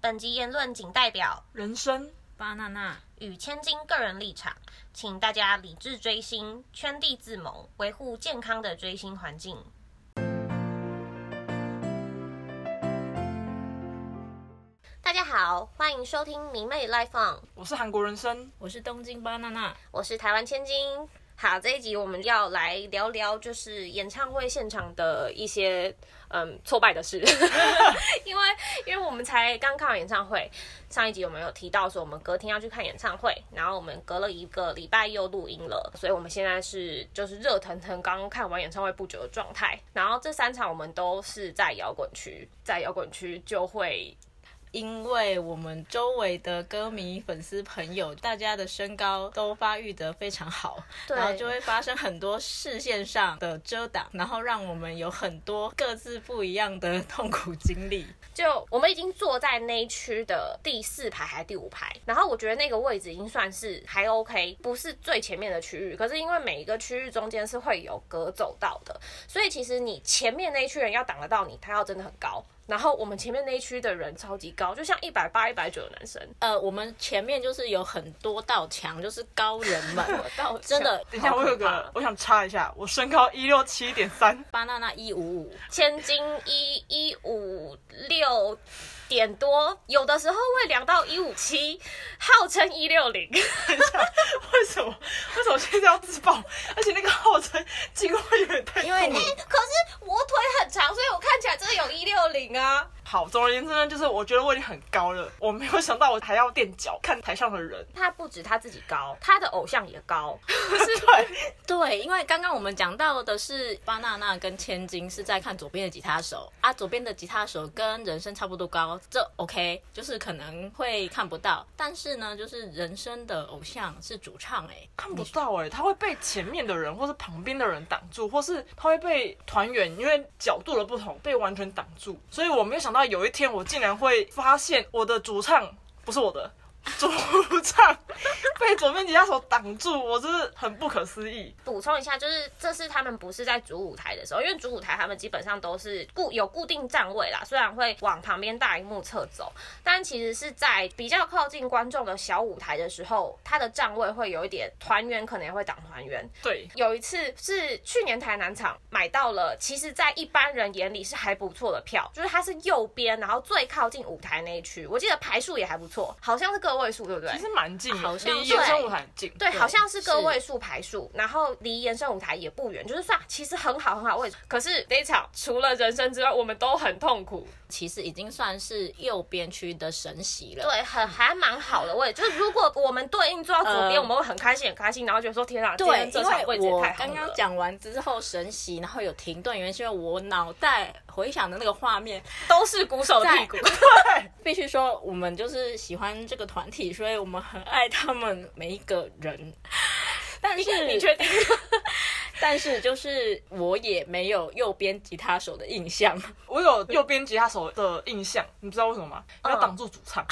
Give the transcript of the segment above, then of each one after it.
本集言論僅代表人生、巴娜娜與千金個人立場，請大家理智追星、圈地自萌，維護健康的追星環境。人生。大家好，歡迎收聽《迷妹 Live On》。我是韓國人生，我是東京巴娜娜，我是台灣千金。好，這一集我們要來聊聊，就是演唱會現場的一些嗯挫敗的事， 因為因為我們才剛看完演唱會，上一集我們有提到說我們隔天要去看演唱會，然後我們隔了一個禮拜又錄音了，所以我們現在是就是熱騰騰剛看完演唱會不久的狀態，然後這三場我們都是在搖滾區，在搖滾區就會。因為我們周圍的歌迷、粉絲、朋友，大家的身高都發育得非常好，對然後就會發生很多視線上的遮擋，然後讓我們有很多各自不一樣的痛苦經歷。就我們已經坐在那一區的第四排還是第五排，然後我覺得那個位置已經算是還 OK，不是最前面的區域。可是因為每一個區域中間是會有隔走道的，所以其實你前面那一區人要擋得到你，他要真的很高。然後我們前面那一區的人超級高，就像一百八、一百九的男生。呃，我們前面就是有很多道牆，就是高人們。到 真的。等一下，我有個，我想插一下，我身高一六七點三，巴娜娜一五五，千金一一五六。點多有的時候會量到 7, 一五七，號稱一六零。為什麼？為什麼現在要自爆？而且那個號稱幾乎有點太過因為、欸、可是我腿很長，所以我看起來真的有一六零啊。好，總而言之呢，就是我覺得我已經很高了，我沒有想到我還要墊腳看台上的人。他不止他自己高，他的偶像也高。對 是 對，因為剛剛我們講到的是巴娜娜跟千金是在看左邊的吉他手啊，左邊的吉他手跟人生差不多高，這 OK，就是可能會看不到。但是呢，就是人生的偶像是主唱、欸，哎，看不到哎、欸，他會被前面的人或是旁邊的人擋住，或是他會被團員因為角度的不同被完全擋住，所以我沒有想到。啊，有一天，我竟然會發現我的主唱不是我的。主唱被左邊吉他手擋住，我真是很不可思議。補充一下，就是這次他們不是在主舞台的時候，因為主舞台他們基本上都是固有固定站位啦，雖然會往旁邊大熒幕側走，但其實是在比較靠近觀眾的小舞台的時候，他的站位會有一點團員可能也會擋團員。對，有一次是去年台南場買到了，其實，在一般人眼裡是還不錯的票，就是它是右邊，然後最靠近舞台那一區，我記得排數也還不錯，好像是、這個。位數對不對？其實蠻近，離延伸舞台近。對，好像是個位數排數，然後離延伸舞台也不遠，就是算其實很好很好位置。可是那場除了人生之外，我們都很痛苦。其實已經算是右邊區的神席了，對，很還蠻好的位置。就是如果我們對應坐到左邊，我們會很開心很開心，然後覺得說天哪，對，因為我剛剛講完之後神席，然後有停頓，因為我腦袋回想的那個畫面都是鼓手屁股，對，必須說我們就是喜歡這個團，體，所以我們很愛他們每一個人。但是你確定？但是就是我也沒有右邊吉他手的印象，我有右邊吉他手的印象。你知道為什麼嗎？要擋住主唱。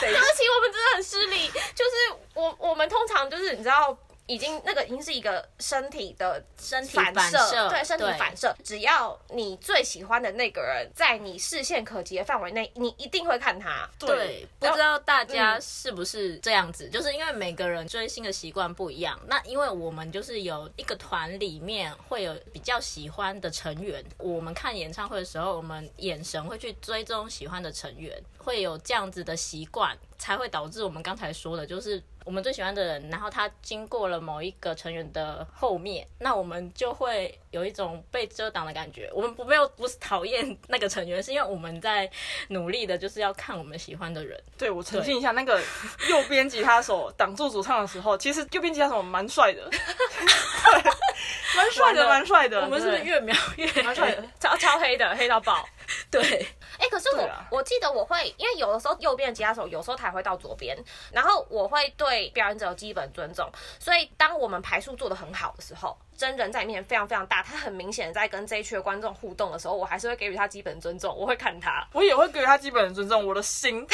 對不起，我們真的很失禮。就是我，我們通常就是你知道。已經那個已經是一個身體的身體反射，反射對，身體反射。對只要你最喜歡的那個人在你視線可及的範圍內，你一定會看他。對，後不知道大家是不是這樣子？嗯、就是因為每個人追星的習慣不一樣。那因為我們就是有一個團裡面會有比較喜歡的成員，我們看演唱會的時候，我們眼神會去追蹤喜歡的成員，會有這樣子的習慣，才會導致我們剛才說的，就是我們最喜歡的人，然後他經過了某一個成員的後面，那我們就會有一種被遮擋的感覺。我們不沒有不是討厭那個成員，是因為我們在努力的就是要看我們喜歡的人。對，我澄清一下，對那個右邊吉他手擋住主唱的時候，其實右邊吉他手蠻帥的，哈哈 對，蠻帥的，蠻帥了的。對我們是不是越描越黑？對超超黑的， 黑到爆。對，哎、欸，可是我、啊、我記得我會，因為有的時候右邊的吉他手有時候他也會到左邊，然後我會對表演者有基本尊重。所以當我們排數做得很好的時候，真人在你面前非常非常大，他很明顯在跟這一群觀眾互動的時候，我還是會給予他基本尊重，我會看他，我也會給予他基本的尊重， 我的心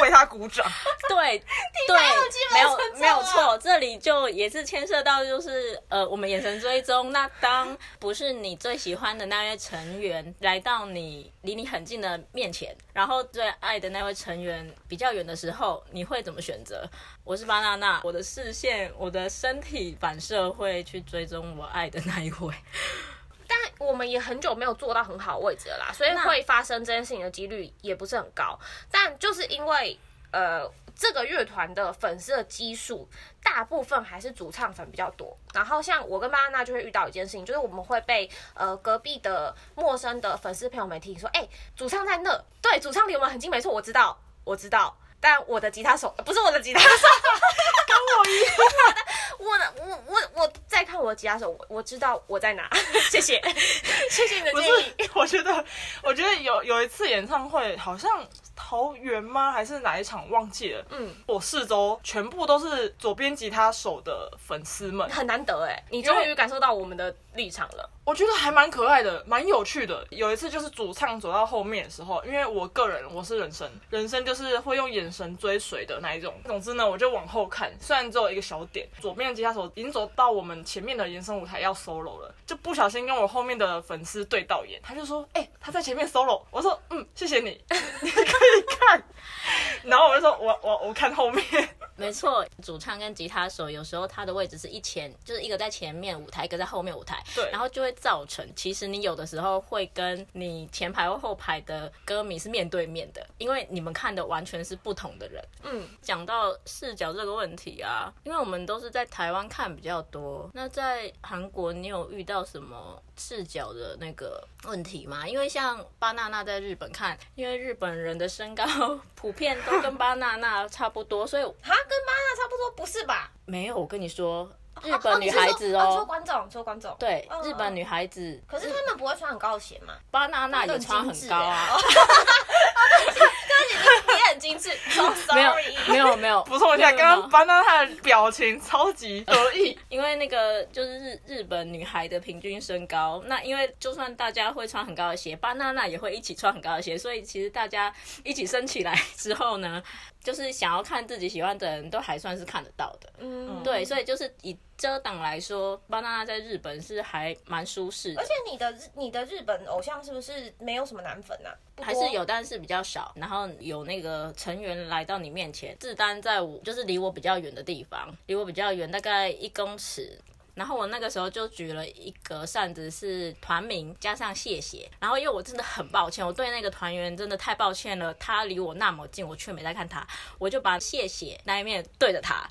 為他鼓掌。 對，對，啊、對，沒有，沒有錯，這裡就也是牽涉到就是呃，我們眼神追蹤。 那當不是你最喜歡的那些成員來到。你離你很近的面前，然後最愛的那位成員比較遠的時候，你會怎麼選擇？我是巴娜娜，我的視線、我的身體反射會去追蹤我愛的那一位。但我們也很久沒有坐到很好的位置了啦，所以會發生這件事情的幾率也不是很高。但就是因為呃。這個樂團的粉絲的基數大部分還是主唱粉比較多。然後像我跟巴拿娜就會遇到一件事情，就是我們會被呃隔壁的陌生的粉絲朋友們聽說：“哎、欸，主唱在那。”對，主唱離我們很近，沒錯，我知道，我知道。但我的吉他手不是我的吉他手，跟我一樣我的。我我我我在看我的吉他手，我我知道我在哪。謝謝，謝謝你的建議。我,我覺得，我覺得有有一次演唱會好像。好遠、哦、嗎？還是哪一場忘記了？嗯，我四周全部都是左邊吉他手的粉絲們，很難得哎、欸！你終於感受到我們的立場了。我覺得還蠻可愛的，蠻有趣的。有一次就是主唱走到後面的時候，因為我個人我是人生，人生就是會用眼神追隨的那一種。總之呢，我就往後看，雖然只有一個小點，左邊吉他手已經走到我們前面的延伸舞台要 solo 了，就不小心跟我後面的粉絲對到眼，他就說：“哎、欸，他在前面 solo。”我說：“嗯，謝謝你，你可以。”看，然後我就說，我我我看後面。沒錯，主唱跟吉他手有時候他的位置是一前，就是一個在前面舞台，一個在後面舞台。對。然後就會造成，其實你有的時候會跟你前排或後排的歌迷是面對面的，因為你們看的完全是不同的人。嗯。講到視角這個問題啊，因為我們都是在台灣看比較多。那在韓國，你有遇到什麼視角的那個問題嗎？因為像巴娜娜在日本看，因為日本人的身高普遍都跟巴娜娜差不多， 所以。哈跟巴娜差不多，不是吧？沒有，我跟你說，日本女孩子哦，說觀眾，說觀眾，對，日本女孩子。可是她們不會穿很高的鞋嘛？巴娜娜也穿很高啊。對不起，對不起，你很精緻。沒有，沒有，沒有。補充一下，剛剛巴娜娜的表情超級得意，因為那個就是日日本女孩的平均身高。那因為就算大家會穿很高的鞋，巴娜娜也會一起穿很高的鞋，所以其實大家一起升起來之後呢。就是想要看自己喜歡的人都還算是看得到的，嗯，對，所以就是以遮擋來說，芭娜娜在日本是還蠻舒適的。而且你的日你的日本偶像是不是沒有什麼男粉啊？還是有，但是比較少。然後有那個成員來到你面前，自擔在我就是離我比較遠的地方，離我比較遠，大概一公尺。然後我那個時候就舉了一個扇子，是團名加上謝謝。然後因為我真的很抱歉，我對那個團員真的太抱歉了，他離我那麼近，我卻沒在看他，我就把謝謝那一面對着他。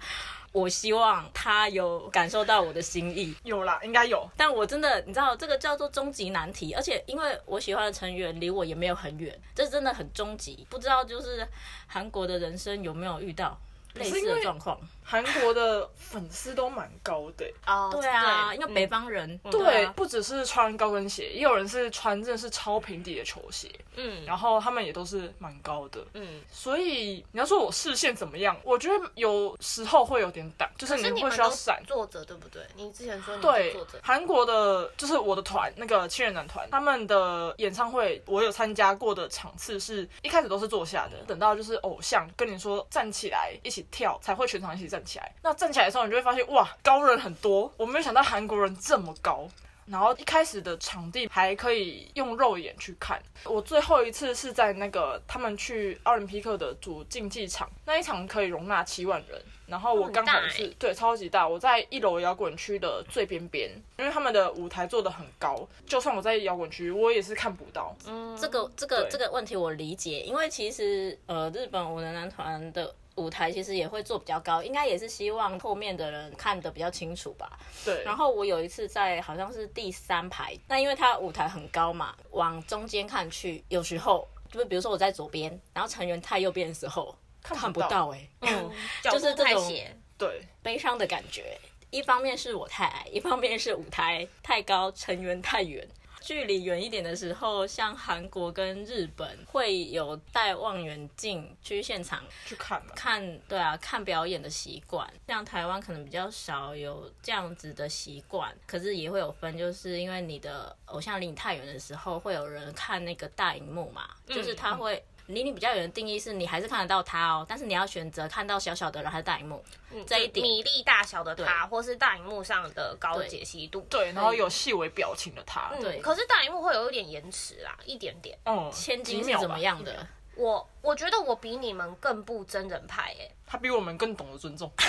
我希望他有感受到我的心意，有啦，應該有。但我真的，你知道這個叫做終極難題，而且因為我喜歡的成員離我也沒有很遠，這真的很終極，不知道就是韓國的人生有沒有遇到類似的狀況？韓國的粉絲都蠻高的哦、欸，oh, 對啊，對因為北方人、嗯對，啊、對，不只是穿高跟鞋，也有人是穿真的是超平底的球鞋，嗯，然後他們也都是蠻高的，嗯，所以你要說我視線怎麼樣，我覺得有時候會有點擋，就是你會需要閃。坐着對不對？你之前說你坐着對，韓國的，就是我的團那個七人男團，他們的演唱會我有參加過的場次是，一開始都是坐下的，等到就是偶像跟你說站起來一起跳，才會全場一起。站起來，那站起來的時候，你就會發現哇，高人很多。我沒有想到韓國人這麼高。然後一開始的場地還可以用肉眼去看，我最後一次是在那個他們去奧林匹克的主競技場，那一場可以容納七萬人。然後我剛好是、哦大欸、對超級大，我在一樓搖滾區的最邊邊，因為他們的舞台做得很高，就算我在搖滾區，我也是看不到。嗯，對這個這個這個問題我理解，因為其實呃，日本我的男團的。舞台其實也會做比較高，應該也是希望後面的人看得比較清楚吧。對。然後我有一次在好像是第三排，那因為他舞台很高嘛，往中間看去，有時候就是比如說我在左邊，然後成員太右邊的時候看不到，哎、欸，嗯，嗯就是角度太斜，對，悲傷的感覺。對一方面是我太矮，一方面是舞台太高，成員太遠。距離遠一點的時候，像韓國跟日本會有帶望遠鏡去現場看去看，看，對啊，看表演的習慣。像台灣可能比較少有這樣子的習慣，可是也會有分，就是因為你的偶像離你太遠的時候，會有人看那個大熒幕嘛，嗯，就是他會。離你比較遠的定義是你還是看得到他哦，但是你要選擇看到小小的人還是大熒幕？嗯、這一點米粒大小的他，對或是大熒幕上的高解析度，對，然後有細微表情的他，嗯、對。可是大熒幕會有一點延遲啦，一點點，哦、嗯。千金是怎麼樣的？嗯、我我覺得我比你們更不真人派哎、欸，他比我們更懂得尊重，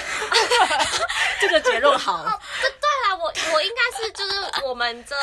這個結論好， 好。這我我應該是就是我們這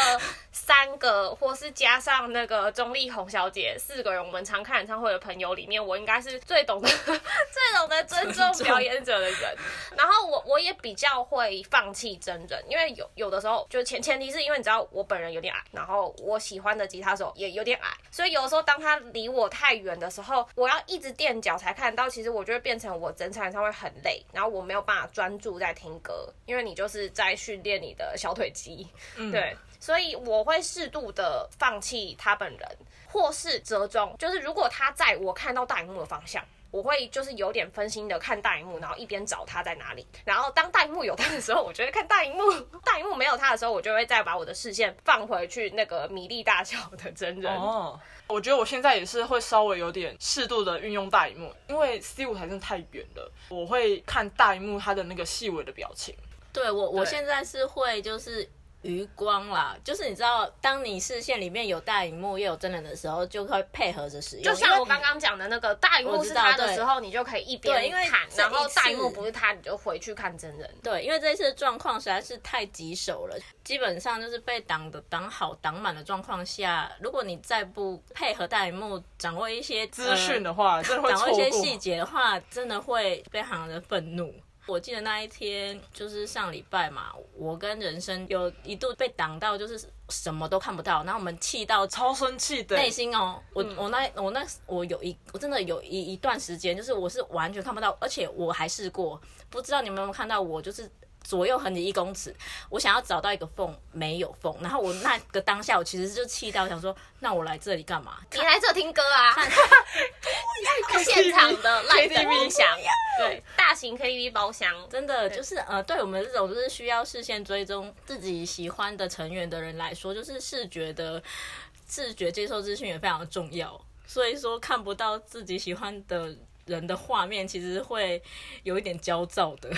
三個，或是加上那個鍾麗紅小姐四個人，我們常看演唱會的朋友裡面，我應該是最懂得、最懂得尊重表演者的人。尊重。然後我我也比較會放棄真人，因為有有的時候，就前前提是因為你知道我本人有點矮，然後我喜歡的吉他手也有點矮，所以有的時候當他離我太遠的時候，我要一直墊腳才看到，其實我就會變成我整場演唱會很累，然後我沒有辦法專注在聽歌，因為你就是在訓練你。你的小腿肌，嗯、對，所以我會適度的放棄他本人，或是折中，就是如果他在我看到大熒幕的方向，我會就是有點分心的看大熒幕，然後一邊找他在哪裡。然後當大熒幕有他的時候，我覺得看大熒幕；大熒幕沒有他的時候，我就會再把我的視線放回去那個米粒大小的真人。哦，我覺得我現在也是會稍微有點適度的運用大熒幕，因為 C 五還是太遠了，我會看大熒幕他的那個細微的表情。對我，我現在是會就是余光啦，對就是你知道，當你視線裡面有大熒幕又有真人的時候，就會配合着使用。就像我剛剛講的那個大熒幕是他的時候，你就可以一邊看，然後大熒幕不是他，你就回去看真人。對，因為這次的狀況實在是太棘手了，基本上就是被擋的擋好擋滿的狀況下，如果你再不配合大熒幕掌握一些資訊的話，呃、的掌握一些細節的話，真的會非常的憤怒。我記得那一天就是上禮拜嘛，我跟人生有一度被擋到，就是什麼都看不到，然後我們氣到、喔、超生氣的內心哦，我我那我那我有一我真的有一一段時間，就是我是完全看不到，而且我還試過，不知道你們有沒有看到我就是。左右橫你一公尺，我想要找到一個縫，沒有縫。然後我那個當下，我其實就氣到想說， 那我來這裡幹嘛？你來這聽歌啊！現場的來的音響，KTV，對，大型 KTV 包廂，對真的就是呃，對我們這種就是需要視線追蹤自己喜歡的成員的人來說，就是視覺的視覺接受資訊也非常的重要。所以說，看不到自己喜歡的人的畫面，其實會有一點焦躁的。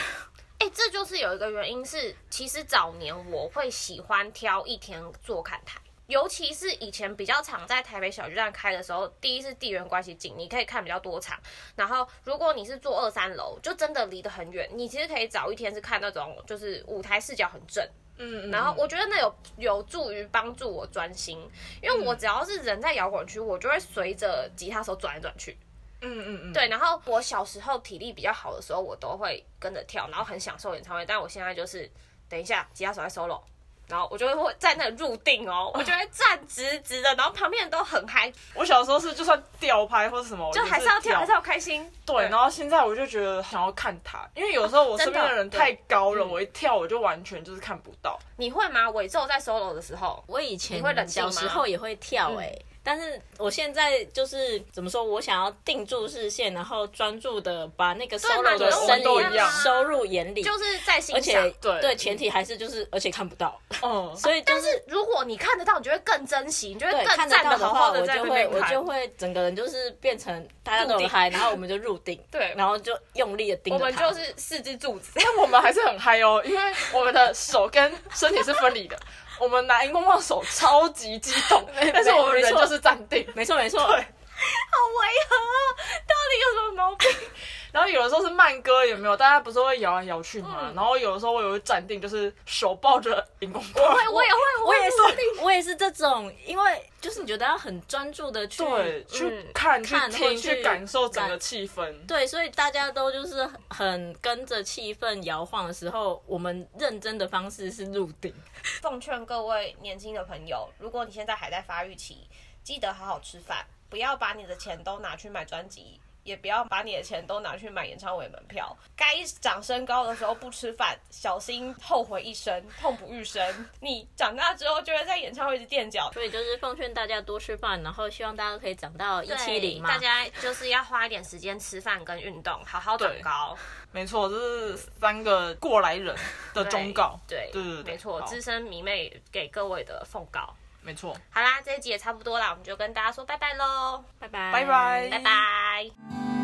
這就是有一個原因是，其實早年我會喜歡挑一天坐看台，尤其是以前比較常在台北小巨蛋開的時候，第一是地緣關係近，你可以看比較多場。然後如果你是坐二三樓，就真的離得很遠，你其實可以早一天是看那種就是舞台視角很正，嗯，然後我覺得那有有助於幫助我專心，因為我只要是人在搖滾區，我就會隨着吉他手轉來轉去。嗯嗯嗯，對。然後我小時候體力比較好的時候，我都會跟着跳，然後很享受演唱會。但我現在就是，等一下吉他手在 solo，然後我就會會在那入定哦，我就會站直直的，然後旁邊人都很嗨。我小時候是就算吊拍或者什麼，就還是要跳，還是要開心。對。然後現在我就覺得想要看他，因為有時候我身邊的人太高了，我一跳我就完全就是看不到。你會嗎？尾奏在 solo 的時候，我以前小時候也會跳哎。但是我現在就是怎麼說，我想要定住視線，然後專注的把那個 solo 的聲音收入眼裡，就是在心裡。而且對對，前提還是就是，而且看不到，哦，所以。但是如果你看得到，你就會更珍惜，你就會更。看得到的話，我就會，我就會整個人就是變成大家都很嗨，然後我們就入定，對，然後就用力的盯。我們就是四隻柱子，但我們還是很嗨哦，因為我們的手跟身體是分離的。我們拿熒光棒的手超級激動，但是我們人就是站定，欸、沒錯沒錯，對，好違和，哦，到底有什麼毛病？ 然後有的時候是慢歌有沒有，大家不是會搖來搖去嗎？嗯、然後有的時候我也會站定，就是手抱着熒光棒，會會會會會，我會，我也會。 我也是這種，因為就是你覺得要很專注的去對、嗯、去看、去聽、去，去感受整個氣氛。對，所以大家都就是很跟着氣氛搖晃的時候，我們認真的方式是入定。奉勸各位年輕的朋友，如果你現在還在發育期，記得好好吃飯，不要把你的錢都拿去買專輯。也不要把你的錢都拿去買演唱會門票，該長身高的時候不吃飯，小心後悔一生，痛不欲生。你長大之後就會在演唱會一直墊腳，所以就是奉勸大家多吃飯，然後希望大家可以長到一七零嘛。大家就是要花一點時間吃飯跟運動，好好長高。沒錯，這是三個過來人的忠告。對對，對，對對，沒錯，資深迷妹給各位的奉告。沒錯，好啦，這一集也差不多啦，我們就跟大家說拜拜嘍，拜拜，拜拜 Bye bye，拜拜。